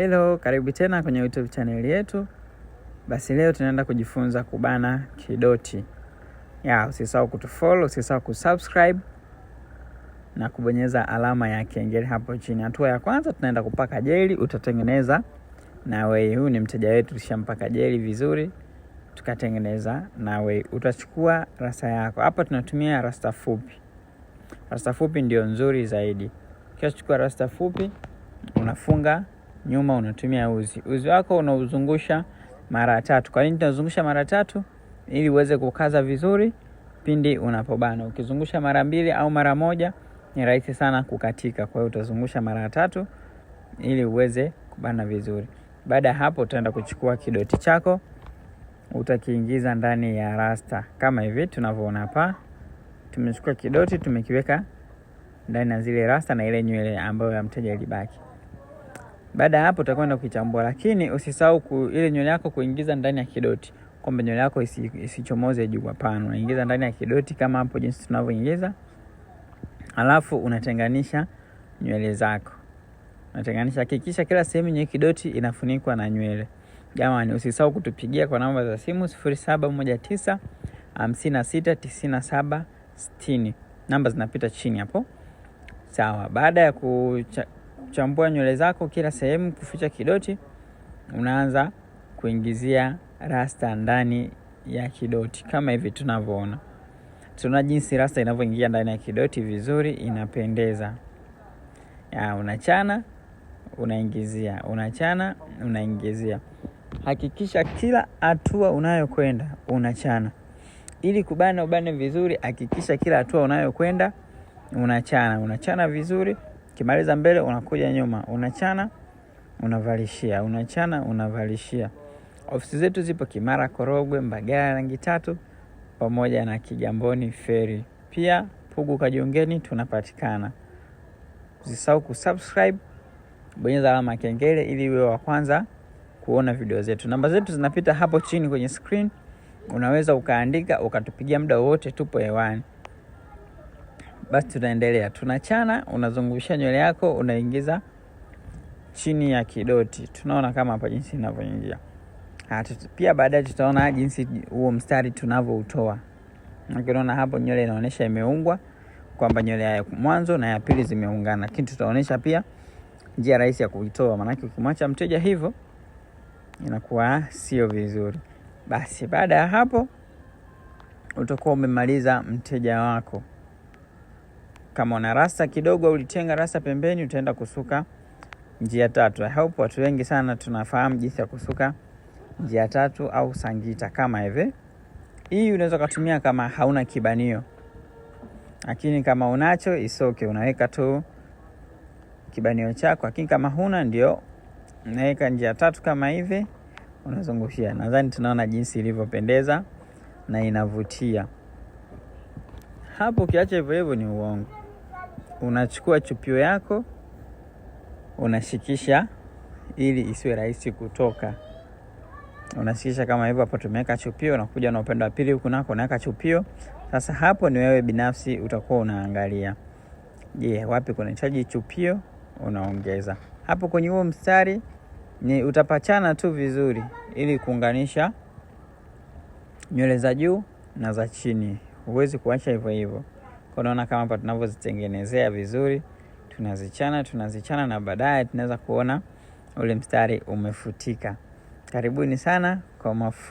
Hello, karibu tena kwenye YouTube channel yetu. Basi leo tunaenda kujifunza kubana kidoti. Ya, usisahau kutufollow, usisahau kusubscribe na kubonyeza alama ya kengele hapo chini. Hatua ya kwanza tunaenda kupaka jeli, utatengeneza na wei. Huyu ni mteja wetu, tulishampaka jeli vizuri, tukatengeneza na wei. Utachukua rasta yako. Hapa tunatumia rasta fupi. Rasta fupi ndio nzuri zaidi. Kisha chukua rasta fupi unafunga nyuma unatumia uzi. Uzi wako unauzungusha mara tatu. Kwa nini tunazungusha mara tatu? Ili uweze kukaza vizuri pindi unapobana. Ukizungusha mara mbili au mara moja ni rahisi sana kukatika. Kwa hiyo utazungusha mara tatu ili uweze kubana vizuri. Baada ya hapo, utaenda kuchukua kidoti chako utakiingiza ndani ya rasta kama hivi tunavyoona hapa. Tumechukua kidoti tumekiweka ndani ya zile rasta na ile nywele ambayo ya mteja ilibaki. Baada ya hapo utakwenda kuichambua, lakini usisahau ile nywele yako kuingiza ndani ya kidoti, kwamba nywele yako isi, isichomoze juu. Hapana, unaingiza ndani ya kidoti kama hapo jinsi tunavyoingiza, alafu unatenganisha nywele zako, unatenganisha. Hakikisha kila sehemu yenye kidoti inafunikwa na nywele. Jamani, usisahau kutupigia kwa namba za simu 0719 56 Namba zinapita chini hapo, sawa. Baada ya ku kuchambua nywele zako kila sehemu, kuficha kidoti, unaanza kuingizia rasta ndani ya kidoti kama hivi tunavyoona. Tuna jinsi rasta inavyoingia ndani ya kidoti vizuri, inapendeza. Ya, unachana unaingizia, unachana unaingizia. Hakikisha kila hatua unayokwenda unachana ili kubana ubane vizuri. Hakikisha kila hatua unayokwenda unachana, unachana vizuri kimaliza mbele unakuja nyuma, unachana unavalishia, unachana unavalishia. Ofisi zetu zipo Kimara, Korogwe, Mbagala rangi tatu pamoja na Kigamboni Feri. Pia Pugu Kajongeni tunapatikana. Usisahau kusubscribe, bonyeza alama kengele ili uwe wa kwanza kuona video zetu. Namba zetu zinapita hapo chini kwenye screen, unaweza ukaandika ukatupigia muda wote, tupo hewani. Basi tunaendelea, tunachana, unazungusha nywele yako, unaingiza chini ya kidoti. Tunaona kama hapa jinsi inavyoingia. Pia baadaye tutaona jinsi huo mstari tunavyoutoa. Unaona hapo nywele inaonyesha imeungwa kwamba nywele ya mwanzo na ya pili zimeungana, lakini tutaonyesha pia njia rahisi ya kuitoa, maanake ukimwacha mteja hivyo inakuwa sio vizuri. Basi baada ya hapo utakuwa umemaliza mteja wako. Kama una rasta kidogo ulitenga rasta pembeni, utaenda kusuka njia tatu. I hope watu wengi sana tunafahamu jinsi ya kusuka njia tatu au sangita kama hivi. Hii unaweza kutumia kama hauna kibanio, lakini kama unacho isoke, unaweka tu kibanio chako, lakini kama huna ndio unaweka njia tatu kama hivi, unazungushia. Nadhani tunaona jinsi ilivyopendeza na inavutia. Hapo ukiacha hivyo hivyo ni uongo unachukua chupio yako unashikisha ili isiwe rahisi kutoka. Unashikisha kama hivyo hapo, tumeweka chupio. Unakuja na upendo wa pili huku nako unaweka chupio. Sasa hapo ni wewe binafsi utakuwa unaangalia, je, wapi kuna chaji chupio, unaongeza hapo kwenye huo mstari. Ni utapachana tu vizuri ili kuunganisha nywele za juu na za chini. Huwezi kuacha hivyo hivyo. Unaona kama hapa tunavyozitengenezea vizuri, tunazichana tunazichana, na baadaye tunaweza kuona ule mstari umefutika. Karibuni sana kwa mafunzo.